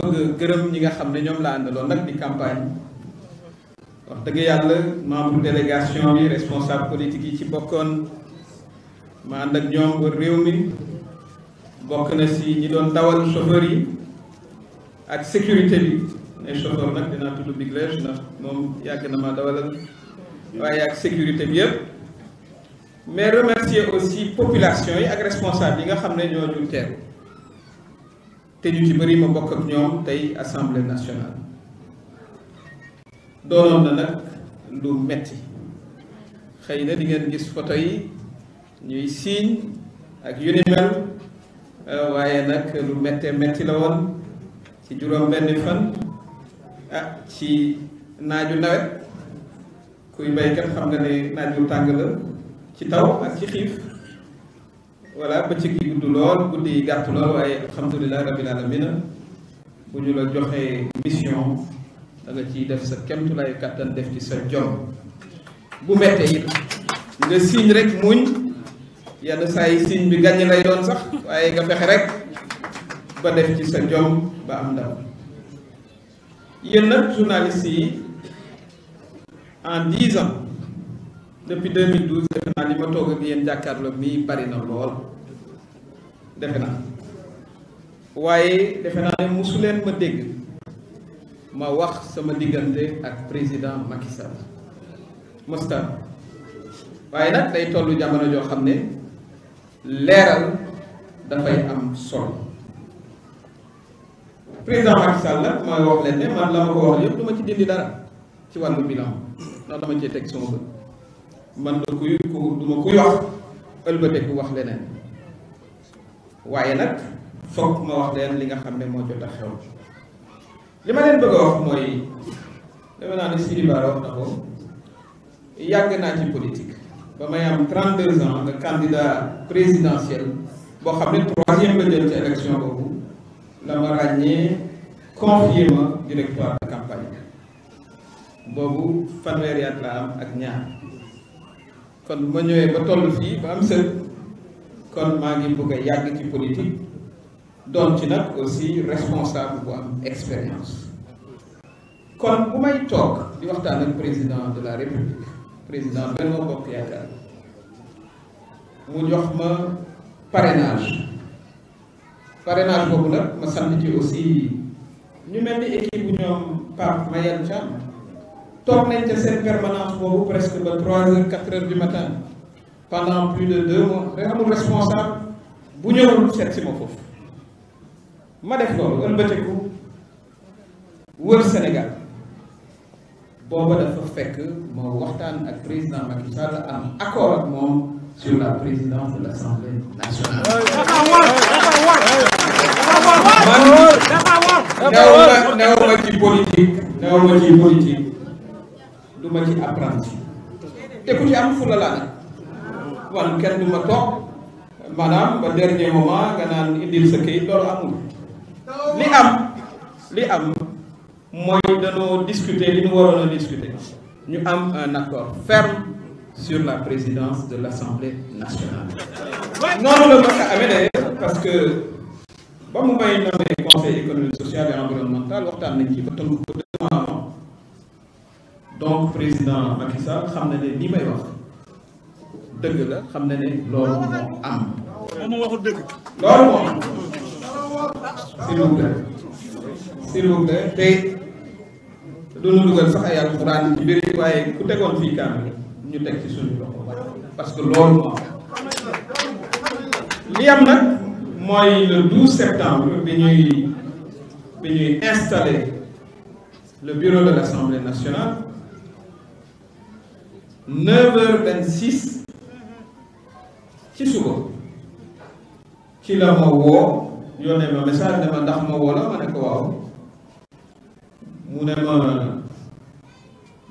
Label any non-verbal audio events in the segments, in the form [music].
dama bëgg gërëm ñi nga xam ne ñoom laa àndaloon nag di campagne wax dëgg yàlla membre délégation bi responsable politique yi ci bokkoon ma ànd ak ñoom wër réew mi bokk na si ñi doon dawal chauffeur yi ak sécurité bi ne chauffeur nag dinaa tudd Biglèche ndax moom yàgg na ma dawalal waaye ak sécurité bi yëpp mais remercier aussi population yi ak responsable yi nga xam ne ñoo ñu teew te ñu ci bëri ma bokk ak ñoom tey assemblée nationale doonoon na nag lu metti xëy na di ngeen gis photo yi ñuy siiñ ak yu ni mel euh, waaye nag lu mettee metti la woon ci juróom benni fan ah ci naaju nawet kuy baykat xam nga ne naaj tàng la ci taw ak ci xiif voilà bëccëg yi gudd lool guddi yi gàtt lool waaye alhamdulilah rabbil alamina bu ñu la joxee mission da nga ciy def sa kemtulaayu kàttan def ci sa jom bu mettee it nga siñ rek muñ yenn saa yi siñ bi gàññ lay doon sax waaye nga fexe rek ba def ci sa jom ba am ndam yéen nag yi en dix ans naa li ma toog ak yéen jàkkaarloo mii bari na lool defe naa waaye defe naa ne mosu leen ma dégg ma wax sama diggante ak président Macky Sall waaye nag day toll jamono joo xam ne leeral dafay am solo président Macky Sall nag ma wax leen man la ma ko wax yëpp du ma ci dindi dara ci wàllu bilan ndax dama cee teg sama bët man da kuy ku du ma kuy wax ëlbateku wax leneen waaye nag foog ma wax leen li nga xam ne moo jot a xew li ma leen bëgg a wax mooy dama naa ne Sidi Bara wax na ko yàgg naa ci politique ba may am 32 ans de candidat présidentiel boo xam ne troisième la jël ci élection boobu la ma ràññee confié ma directoire de campagne boobu fanweeri at la am ak ñaar kon bu ma ñëwee ba toll fii ba am sël kon maa ngi bëgg a yàgg ci politique doon ci nag aussi responsable bu am expérience kon bu may toog di waxtaan ak président de la république président Benno Bokk Yaakaar mu jox ma parrainage parrainage boobu nag ma sant ci aussi ñu mel ni équipe bu ñoom Pape Mayel Thiam toog nañ ca seen permanence boobu presque ba trois heures quatre heures du matin pendant plus de deux mois responsable bu ñëwul seet si ma foofu ma def loolu ëlbatiku wër Sénégal booba dafa fekk ma waxtaan ak président Macky Sall am accord moom sur la présidence de l'Assemblée nationale. dafa war dafa war dafa war dafa war. néew ma ma ci apprenti te ku ci am fulla laa ne wan kenn du ma toog ba dernier moment nga naan indil sa këyit loolu amul li am li am mooy dañoo discuter li ñu waroon a discuter ñu am un accord ferme sur la présidence de l'Assemblée nationale noonu la ma ko amee de parce que ba mu may nommé conseil économique social et environnemental waxtaan nañ ci ba tënk ko deux mois donc président Macky Sall xam na ne ni may wax dëgg la xam na ne loolu moo am. moom waxul dëgg. loolu moo am. s'il vous plaît. s'il vous plaît tey duñu sax ay alxuraan yu bëri waaye ku tegoon fii kàddu ñu teg ci suñu parce que loolu moo li am nag mooy le 12 septembre bi ñuy bi ñuy installer le bureau de l'Assemblée nationale. neuf heures vingt six ci suba ci la ma woo yónnee ma message ne ma ndax ma woo la ma ne ko waaw mu ne ma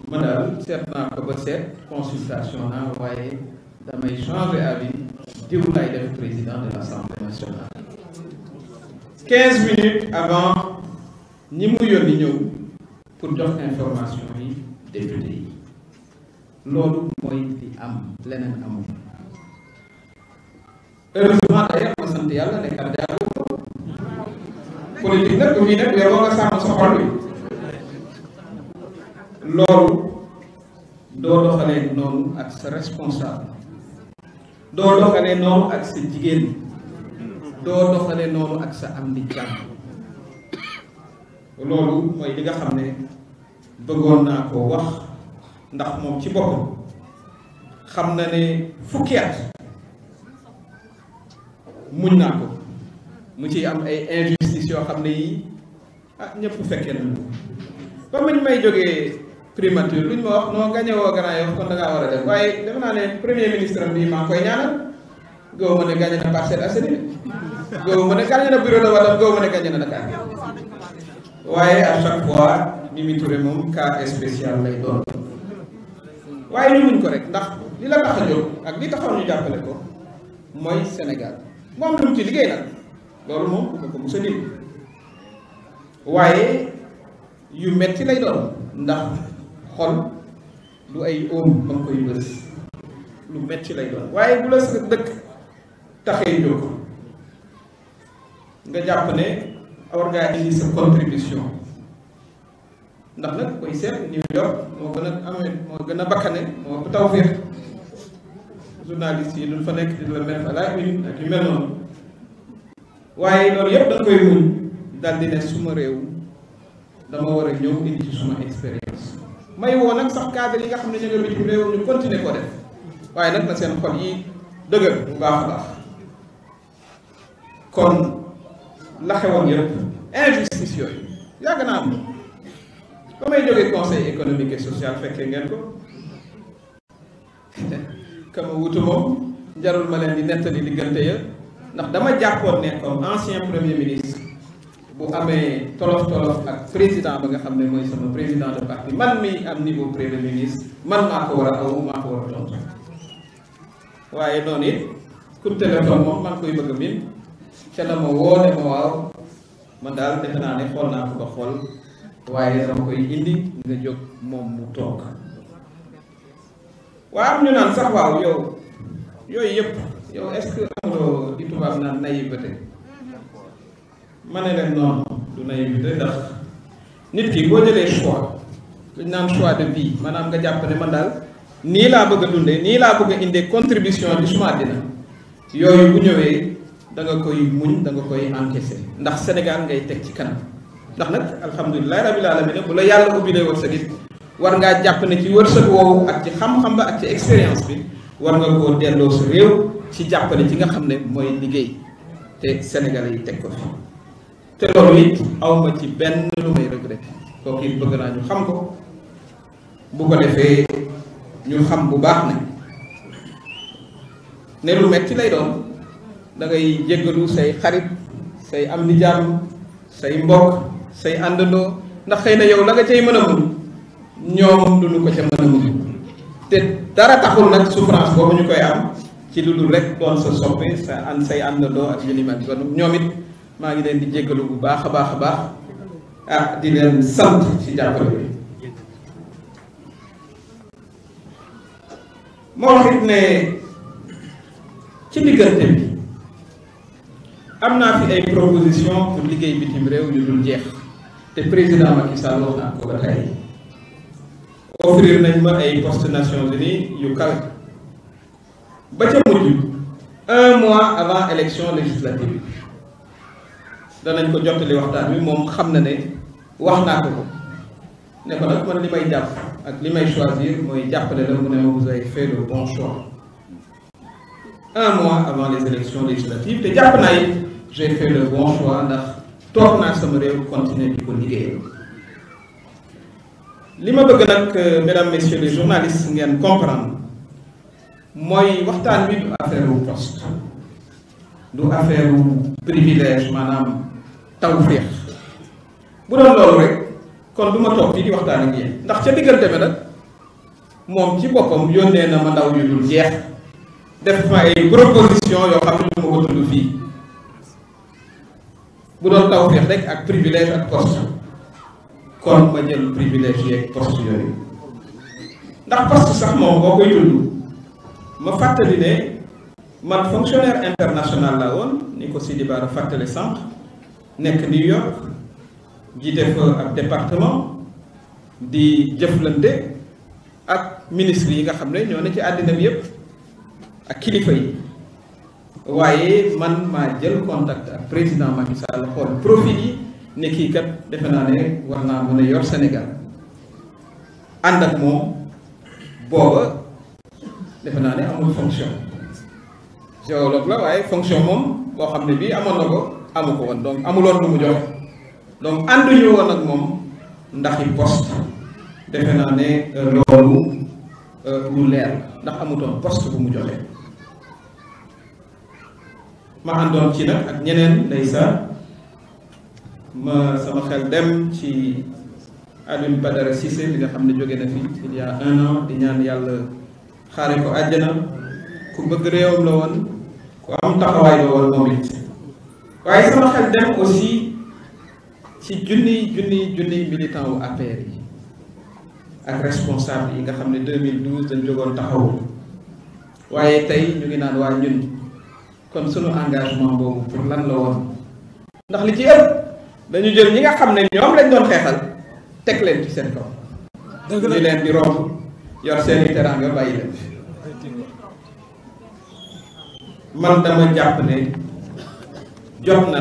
ma daal seet naa ko ba seet consultation naa waaye damay changer avis diw lay def président de l'Assemblée nationale quinze minutes avant ñi mu yónni ñëw pour jox information yi député yi loolu mooy li am leneen amul heureusement d'ailleurs ma sant yàlla ne candidat boobu politique nag ku fi nekk yow nga sàmm sa xol bi loolu doo doxalee noonu ak sa responsable doo doxalee noonu ak sa jigéen doo doxalee noonu ak sa am di jàmm loolu mooy li xam ne bëggoon naa ko wax ndax moom ci boppam xam na ne fukki at muñ naa ko mu ciy am ay injustice yoo xam ne yii ah ñëpp fekkee nañ ba muñ may jógee primature lu ñu ma wax noo gagné woo Grand kon da ngaa war a def waaye def naa ne premier ministre am bii maa ngi koy ñaanal góob ma ne gagné na Parcelles Assainies góob ma ne gagné na bureau de wala góob ma ne gagné na Dakar waaye à chaque fois Mimi moom cas spécial lay doon. waaye ñu muñ ko rek ndax li la tax a jóg ak li taxoon ñu jàppale ko mooy Sénégal mu lu mu ci liggéey nag loolu moom bu ko ko mos a dégg waaye yu metti lay doon ndax xol du ay lu metti lay doon waaye bu la sa dëkk taxee jóg nga jàpp ne war ngaa indi sa contribution ndax nag koy seet New York moo gën a amee moo gën a bakkane moo ëpp tawféex journaliste yi duñ fa nekk di la mel à la une ak yu mel noonu waaye loolu yëpp dañ koy muñ daal di ne suma réew dama war a ñëw indi ci suma expérience may woo nag sax cadre yi nga xam ne ñu ngi bitim réew ñu continuer ko def waaye nag na seen xol yi dëgër bu baax a baax kon la xewoon yëpp injustice yooyu yàgg naa am ba may jógee conseil économique et social fekkee ngeen ko kama [laughs] wutu moom jarul ma ndax dama jàppoon ne comme ancien premier amee tolof ak président ba nga xam ne mooy sama président de parti man mi am niveau premier ministre man maa ko war a aw maa ko war a tontu waaye noonu yi ku téléphone moom man koy bëgg a min ma woo ma waaw man daal defe naa ne xool naa ko xool waaye dama koy indi nga jóg moom mu toog waa am ñu naan sax waaw yow yooyu yëpp yow est-ce que amuloo di tubaab naan naïveté ma ne leen noonu du naïveté ndax nit ki boo jëlee choix luñ naan choix de vie maanaam nga jàpp ne man daal nii laa bëgg a dundee nii laa bëgg a indee contribution bi suma dina yooyu bu ñëwee danga nga koy muñ da nga koy encaisser ndax Sénégal ngay teg ci kanam ndax nag alhamdulilahi rabil alamina bu la yàlla ubbilee wërsëg it war ngaa jàpp ne ci sa woowu ak ci xam-xam ba ak ci expérience bi war nga koo delloo réew ci jàppale ci nga xam ne mooy liggéey te Sénégalais yi teg ko fi te loolu it awma ci benn lu may regretté kooku it bëgg naa ñu xam ko bu ko defee ñu xam bu baax ne ne lu metti lay doon da ngay say xarit say am ni jàmm say mbokk say àndandoo ndax xëy na yow la nga cay mën a mun ñoom du ñu ko ca mën a mun te dara taxul nag souffrance boobu ñu koy am ci lu dul rek doon sa soppe sa ànd say àndandoo ak yunimat maa ngi leen di jéggalu bu baax a baax a baax ah, di sant ci jàppale bi moo wax it ne ci am naa fi ay proposition pour liggéey bitim réew yu dul jeex te président Macky Sall wax naa ko ba tey offrir nañ ma ay poste Nations Unies yu kawe ba ca mujj un mois avant élection législative danañ ko jottali waxtaan wi moom xam na ne wax naa ko ko ne ko nag man li may jàpp ak li may choisir mooy jàppale la mu ne ma vous avez fait le bon choix un mois avant les élections législatives te jàpp naa it fait le bon choix ndax toog naa sama réew continuer di ko liggéeyal li ma bëgg nag euh, mesdames messieurs les journalistes ngeen comprendre mooy waxtaan wi du affaire wu poste du affaire wu privilège maanaam tawféex bu doon loolu rek kon du ma toog fii di waxtaan ak yéen ndax ca diggante ba nag moom ci boppam yónnee na ma ndaw yu dul jeex def ma ay proposition yoo xam ne lu ma fii bu doon tawféex rek ak privilège ak poste kon ma jël privilège yeeg poste yooyu ndax poste sax moom boo koy tudd ma fàttali ne man fonctionnaire international la woon ni ko Sidi Bara fàttali sànq nekk New York jiite fa ak département di jëflante ak ministre yi nga xam ne ñoo ne ci àddina bi yépp ak kilifa yi waaye man maa jël contact ak président Macky Sall xool profil yi ne kii kat defe naa ne war naa mën a yor Sénégal ànd ak moom booba defe naa ne amul fonction géologue la waaye fonction moom boo xam ne bii amoon na ko amu ko woon donc amuloon lu mu joxe donc ànduñu woon ak moom ndaxi post defe naa ne euh, loolu euh, lu leer ndax amutoon post bu mu joxe ma àndoon ci nag ak ñeneen ndeysaan ma sama xel dem ci Alioune Badara Cissé li nga xam ne jóge na fi il y un an di ñaan yàlla xaare ko àjjana ku bëgg réewam la woon ku am taxawaay la woon moom it waaye sama xel dem aussi ci junniy junniy junniy militant wu APR yi ak responsable yi nga xam ne 2012 dañ jógoon taxawu waaye tey ñu ngi naan waa ñun kon sunu engagement boobu pour lan la woon ndax li ci ëpp dañu jël ñi nga xam ne ñoom lañ doon xeexal teg leen ci seen kaw ñu leen di romb yor seen i teraanga bàyyi leen man dama jàpp ne jot na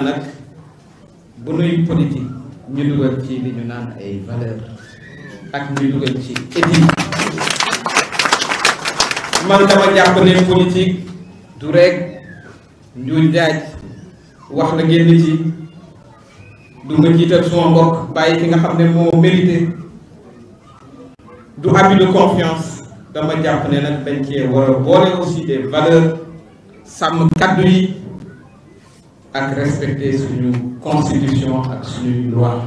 ñu dugal ci li naan ay valeur ak ñu dugal ci éthique man dama jàpp ne politique du rek njuuj njaaj wax la génn ci du ma jiital suma mbokk bàyyi ki nga xam ne moo mérité du habit de confiance dama jàpp ne nag dañ cee war a boole aussi des valeurs sàmm kaddu yi ak respecter suñu constitution ak suñu loi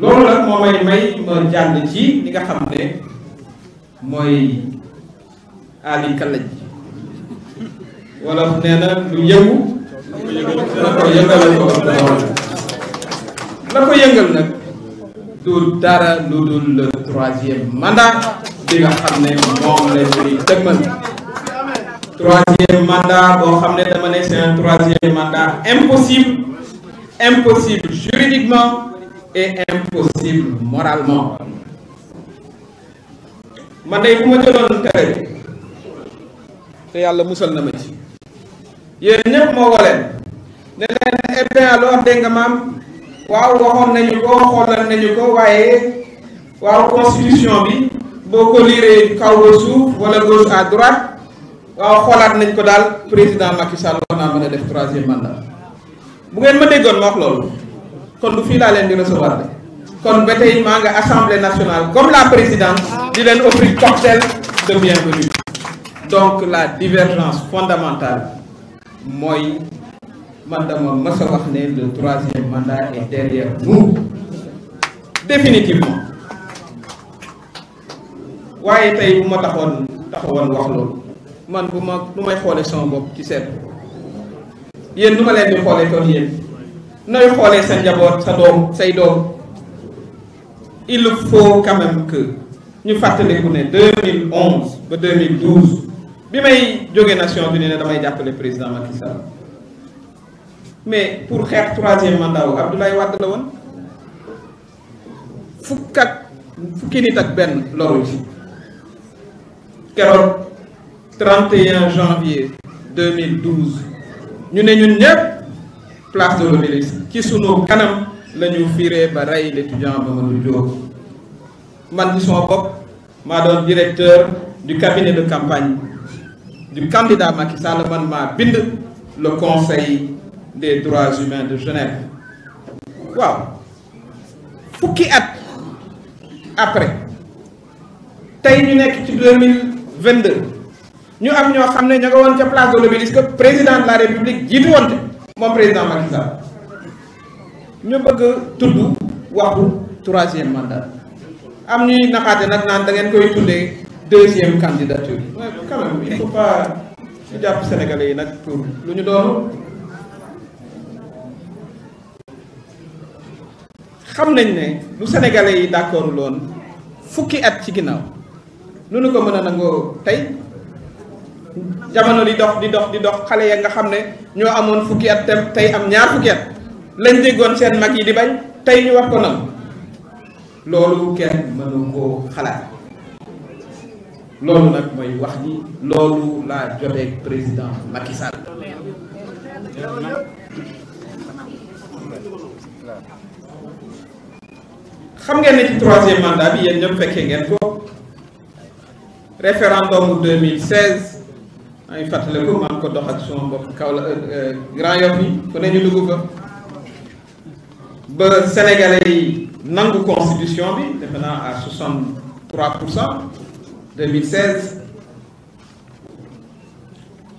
loolu nag moo may may ma jàll ci li nga xam ne mooy Ali Kalaj wala nee lu yëngu na ko yëngalal ko ko yëngal nag du dara lu dul le mandat bi nga xam ne moom la ñuy dëgmal troisième mandat boo xam ne dama ne c'est un mandat impossible impossible juridiquement et impossible moralement man day bu ma jëloon tere te yàlla musal na ma ci yooyu ñëpp moo ko leen ne leen EPA loo dégg nga maam waaw waxoon nañu ko xoolal nañu ko waaye waaw constitution bi boo ko liiree kaw ba suuf wala gauche à droite waaw xoolaat nañ ko daal président Macky Sall wax naa mën a def troisième mandat bu ngeen ma déggoon ma wax loolu kon du fii laa leen di recevoir de kon ba tey maa nga assemblée nationale comme la président di leen offrir cocktail de bienvenue donc la divergence fondamentale mooy man dama mës a wax ne le troisième mandat est derrière nous définitivement waaye tey bu ma taxoon taxawoon wax loolu man bu ma lu may xoole sama bopp ci seet yéen nu ma leen di xoole toon yéen nooy xoolee sa njaboot sa doom say doom il faut quand même que ñu fàttaliku ne 2011 ba 2012 bi may jógee Nations Unies ne damay jàppale président Macky Sall mais pour xeex troisième mandat wu Abdoulaye Wade la woon fukk ak fukki nit ak benn loru ci keroog 31 janvier 2012 ñu ne ñun ñëpp place de l'Obélisque ci sunu kanam la ñu firé ba rey l'étudiant Mamadou Diop man ci sama bopp maa doon directeur du cabinet de campagne du candidat Macky Sall man maa bind le conseil des droits humains de Genève waaw fukki at après tey ñu nekk ci deux mille vingt deux ñu am ñoo xam ne ña nga woon ca place de l'Obélisque président de la république jiitu woon te moom président Macky Sall ñu bëgg tudd waxu troisième mandat am ñuy naxaate nag naan da ngeen koy tuddee. deuxième candidature. waaw quand même il faut pas ñu jàpp Sénégalais yi nag pour lu ñu doon. xam nañ ne lu Sénégalais yi d'accord loon fukki at ci ginnaaw lu nu ko mën a nangoo tey jamono di dox di dox di dox xale ya nga xam ne ñoo amoon fukki at te tey am ñaar fukki at lañ déggoon seen mag yi di bañ tey ñu wax ko nangu loolu kenn mënu koo xalaat. loolu nag mooy wax ji loolu laa joteeg président Macky Sall. xam ngeen ne ci troisième mandat bi yéen ñëpp fekkee ngeen ko référendum 2016 maa ngi fàttaliku maa ngi ko dox ak suma mbokk Kaola euh, euh, Grand Yoff yi ku ne ñu dugg fa ba sénégalais yi nangu constitution bi defe naa à 63 pour cent. 2016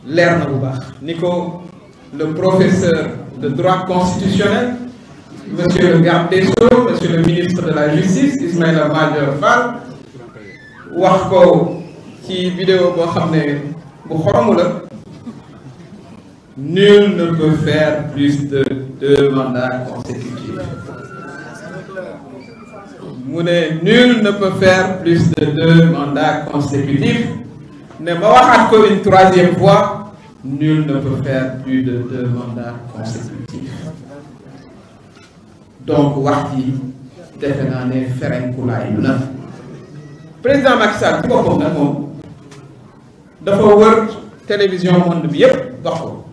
leer na bu baax ni ko le professeur de droit constitutionnel monsieur le garde des Sceaux monsieur le ministre de la justice Ismaïla Madior Fall wax ko ci vidéo boo xam ne bu nul ne peut faire plus de deux mandats consécutifs mu ne nul ne peut faire plus de deux mandats consécutifs ne ma waxaat ko une troisième fois nul ne peut faire plus de deux mandats consécutifs donc wax defe naa ne ferenkulaayu na président Macky ci moom dafa wër télévision monde bi yépp wax ko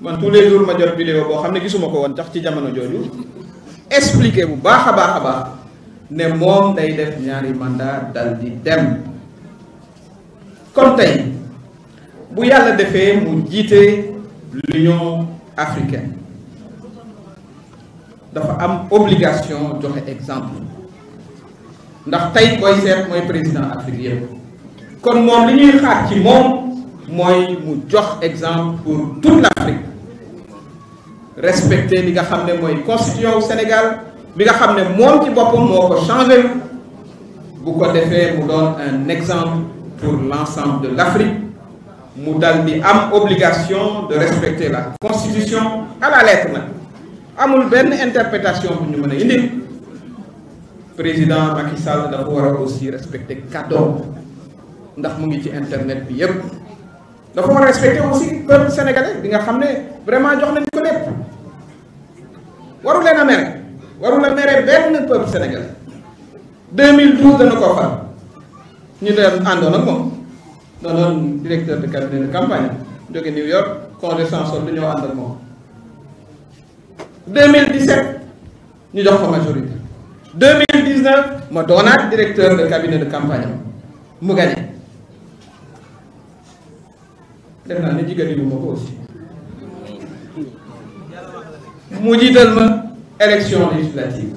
man tous les jours ma jot vidéo boo xam ne gisuma ko woon tax ci jamono jooju expliquer bu baax a baax a baax ne moom day def ñaari mandat dal di dem kon tey bu yàlla defee mu jiite l'Union africaine dafa am obligation joxe exemple ndax tey koy seet mooy président Afrique yëpp kon moom li ñuy xaar ci moom mooy mu jox exemple pour toute l'Afrique respecter li nga xam ne mooy constitution wu Sénégal mi nga xam ne moom ci boppam moo ko changé bu ko defee mu doon un exemple pour l'ensemble de l'Afrique mu dal ni am obligation de respecter la constitution à na amul benn interprétation bu ñu mën indi président Macky Sall dafa war a aussi respecter kàddoom ndax mu ngi ci internet bi yépp dafa war respecter aussi peuple sénégalais bi nga xam ne vraiment jox nañu ko lépp waru leen a mere waru la mere benn peuple sénégalais 2012 dana ko far ñu doon àndoon ak moom doonoon directeur de cabinet de campagne jóge New York congé sans solde du ñëw ànd ak moom 2017 ñu jox ko majorité 2019 ma doonaat directeur de cabinet de campagne mu gagné def naa ne jigéen yi ma ko aussi mu jiital ma élection législative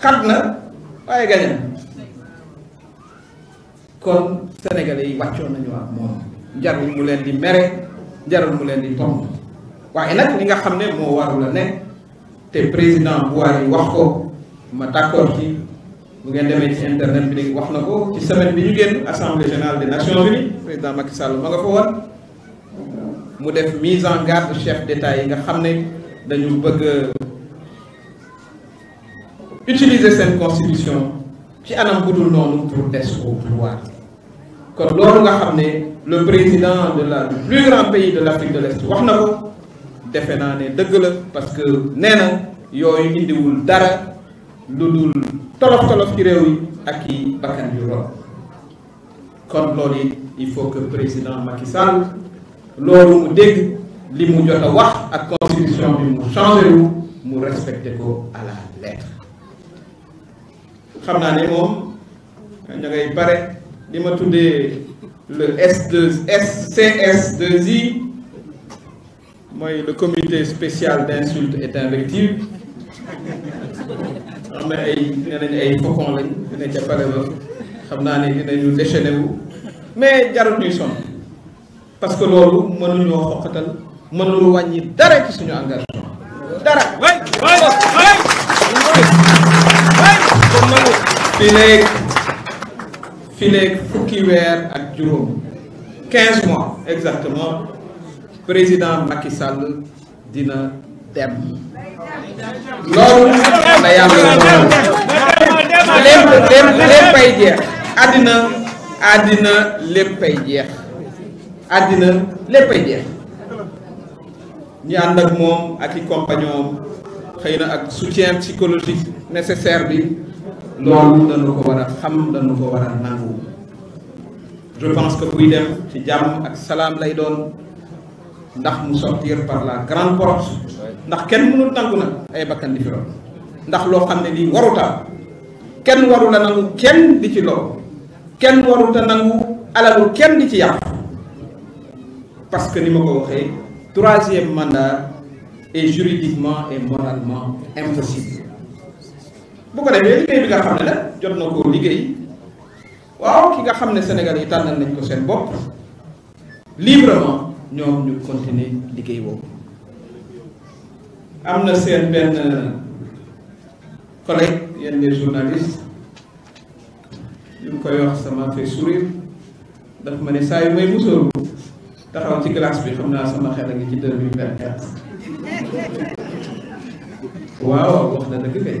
xat na waaye gañe na kon sénégalais yi wàccoon nañu ak moom jarul mu leen di mere jarul mu leen di tomb waaye nag li nga xam ne moo warul a nekk te président Buhari wax ko ma d'accord ci bu ngeen demee ci internet bi léegi wax na ko ci semaine bi ñu génn assemblée générale des nations unies président Macky Sall ma nga fa war mu def mise en garde chef d'état yi nga xam ne dañu bëgg utiliser seen constitution ci anam bu dul noonu pour des au pouvoir kon loolu nga xam ne le président de la plus grand pays de l' de l'Est wax na ko defe naa ne dëgg la parce que nee na yooyu indiwul dara lu dul tolof tolof ci réew yi ak i bakkan yu lool kon loolu it il faut que président Macky Sall loolu mu dégg li mu jot a wax ak constitution bi mu changé mu respecté ko à la lettre. xam naa ne moom ña ngay pare li ma tuddee le S2 SCS2I mooy le comité spécial d'insulte et d'invective am na ay nee nañ ay faucon lañ xam naa ne dinañu déchaîné wu mais jarut ñuy sonn parce que loolu mënuñoo xoqatal mënul wàññi dara ci suñu engagement dara way way way ko nangu fukki weer ak juróom quinze mois exactement président Macky Sall dina dem loolu la yàlla lépp lépp léppay jeex àddina àddina léppay jeex àddina léppay jeex ñu ànd ak moom ak i compagnon xëy na ak soutien psychologique nécessaire bi loolu dañu ko war a xam dañu ko war a nangu je pense buy dem ci jàmm ak salaam lay doon ndax mu sortir par la grande porte ndax kenn mënul nangu nag ay bakkan di ci lool ndax loo xam ne lii waruta kenn waru la nangu kenn di ci lool kenn waruta nangu alalu kenn di ci yàq parce que ni ma ko waxee troisième mandat est juridiquement et moralement impossible boo ko defee liggéey bi nga xam ne nag jot na koo liggéey waaw ki nga xam ne Sénégal yi tànnal nañ ko seen bopp librement ñoom ñu continuer liggéey boobu am na seen benn collègue yenn des journalistes koy wax sama fay sourire daf ma ne saa yu may musóoru taxaw ci classe bi xam naa sama xel a ngi ci deux mille vingt quatre [laughs] waaw wax na dëgg kay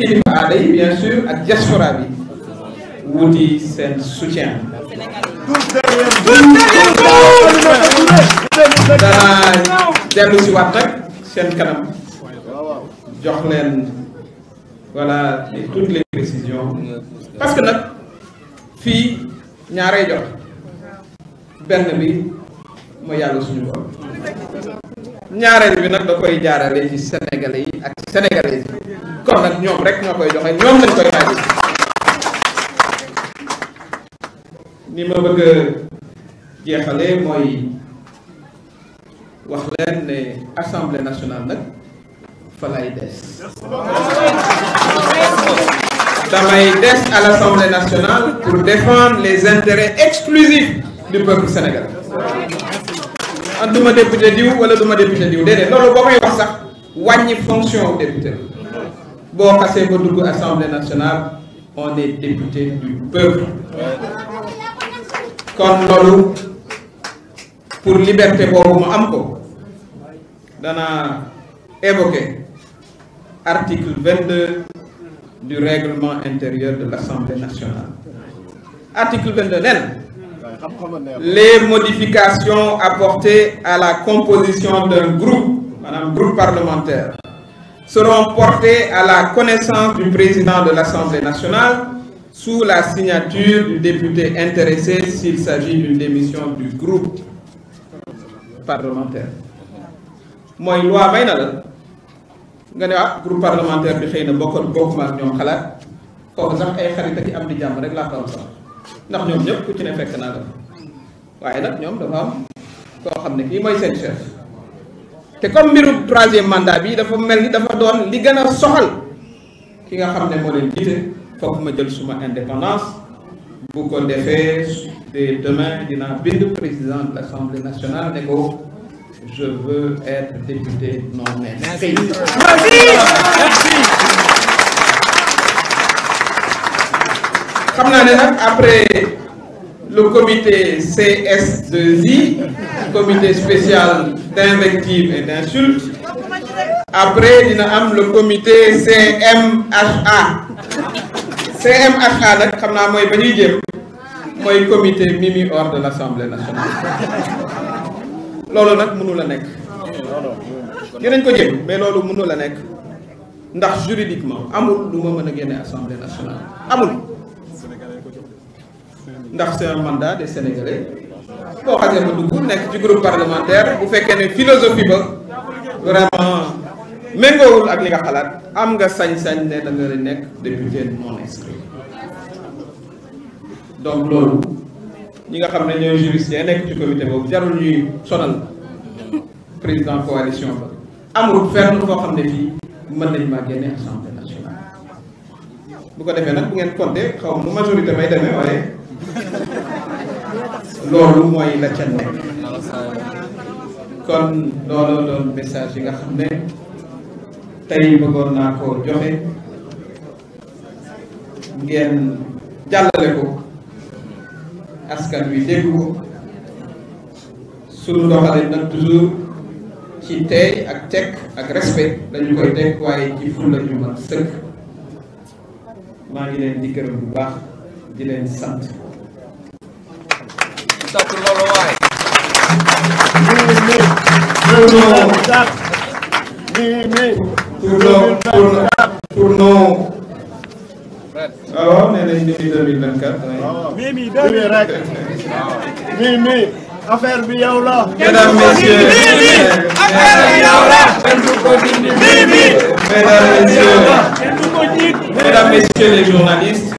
kilifa aada yi bien sûr ak diaspora bi wuti seen soutien danaa dellu si waat rek seen kanam jox leen toutes les précisions parce que nag fii ñaaree jox benn bi mooy yàlla suñu ko ñaareel bi nag da koy jaarale ci sénégalais yi ak sénégalaises yi kon nag ñoom rek ñoo koy joxe ñoom lañ koy laaj ni ma bëgg jeexale mooy wax leen ne assemblée nationale nag fa des damay des à l'assemblée nationale pour défendre les intérêts exclusifs du peuple sénégalais man ah, ma député diw wala du ma député diw déedéet loolu boo koy wax sax wàññi fonction député boo xasee ba dugg assemblée nationale on est député du peuple kon loolu pour liberté boobu ma am ko danaa évoquer article 22 du règlement intérieur de l'assemblée nationale article 22 nee na les modifications apportées à la composition d'un groupe, madame, groupe parlementaire, seront portées à la connaissance du président de l'Assemblée nationale sous la signature du député intéressé s'il s'agit d'une démission du groupe parlementaire. mooy loi may na la nga ne ah groupe parlementaire na bokkoon bokkuma ak ñoom xalaat kooku ay xarit ak am di jàmm rek laa ko ndax ñoom ñëpp ku ci ne fekk naa la waaye nag ñoom dafa am koo xam ne kii mooy seen chef te comme mbirum troisième mandat bi dafa mel ni dafa doon li gën a soxal ki nga xam ne moo leen jiite foog ma jël suma indépendance bu ko defee de demain dinaa bind président de l'Assemblée nationale ne ko je veux être député non mais merci xam naa ne nag après le comité CS2I comité spécial d'invective et d'insulte après dina am le comité CMHA CMHA nag xam naa mooy ba ñuy jëm mooy comité Mimi hors de l'Assemblée nationale loolu nag mënu la nekk dinañ ko jëm mais loolu mënu la nekk ndax juridiquement amul lu ma mën a génne Assemblée nationale amul ndax c'est un mandat des Sénégalais boo xasee ba dugg nekk ci groupe parlementaire bu fekkee ne philosophie ba vraiment méngoowul ak li nga xalaat am nga sañ-sañ ne da nga nekk député non inscrit donc loolu ñi nga xam ne ñooy juriste yi nekk ci comité boobu jarul ñuy sonal président coalition ba amul fenn koo xam ne fii mën nañ maa génne assemblée nationale bu ko defee nag bu ngeen compté xaw ma majorité may demee waaye loolu mooy la ca kon looloo doon message yi nga xam ne tey bëggoon naa koo joxe ngeen jàllale ko askan wi dégg ko sunu doxale nag toujours ci tey ak tekk ak respect dañu koy teg waaye ci ful lañu sëkk maa ngi leen di gërëm bu baax di leen sant takk loolu waay. tournons waaw nee nañ depuis 2024. mimi demee rek. mimi affaire bi yow la. mesdames messieurs. mimi affaire bi yow la. kenn du ko jiit. mimi. mesdames messieurs. kenn du ko jiit. mesdames messieurs les journalistes.